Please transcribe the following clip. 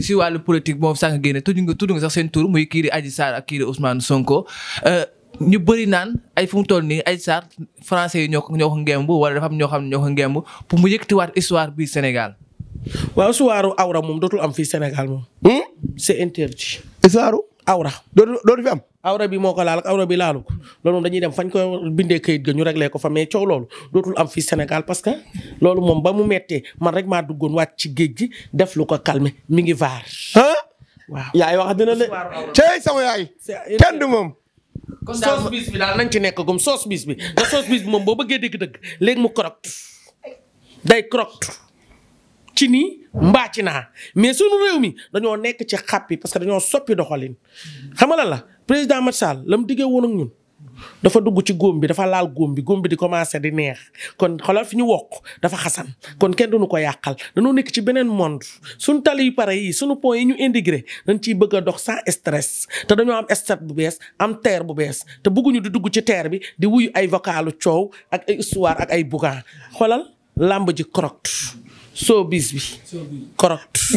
si wàllu politique boobu sànq génne tudd nga tudd nga sax seen tur muy kii di Adji a ak kii di Ousmane Sonko. Euh, ñu bëri naan ay fu mu toll nii Adji Sarr français yi ñoo ko ngemb wala dafa ñoo ko ngemb pour mu yëkkatiwaat histoire bi Sénégal. waaw histoire awra moom dootul am fii Sénégal moom. Hmm? c'est interdit. histoire awra. dootul bi moo ko laal ak awra bi laalu ko loolu moom dañuy dem fañ ko bindee kayit ga ñu réglé ko fa mais coow loolu dootul am fii Sénégal parce que loolu moom ba mu mettee man rek maa duggoon wàcc ci géej gi def lu ko calmer mi ngi vaar. ah waaw yaay wax dina de. tey sama yaay. kenn du moom. kon bis bi daal nañ ci nekk comme soos bis bi nga moom boo bëggee dëgg-dëgg léegi mu croc day croc ci nii mbaa ci naa mais sunu réew mi dañoo nekk ci xàppi parce que dañoo soppi doxalin. xam nga lan la président Macky la mu diggee woon ak ñun. dafa dugg ci góom bi dafa laal góom bi góom bi di commencé di neex kon xolal fu ñu wokk dafa xasan kon kenn duñu ko yàqal dañoo nekk ci beneen monde suñu tali yu pare yi suñu pont yi ñu intégré dañ ciy bëgg dox sans stress te dañoo am stress bu bees am terre bu bees te bëgguñu di dugg ci terre bi di wuy ay vocalu coow ak ay histoire ak ay bougan xolal làmb ji correct showbiz bi correct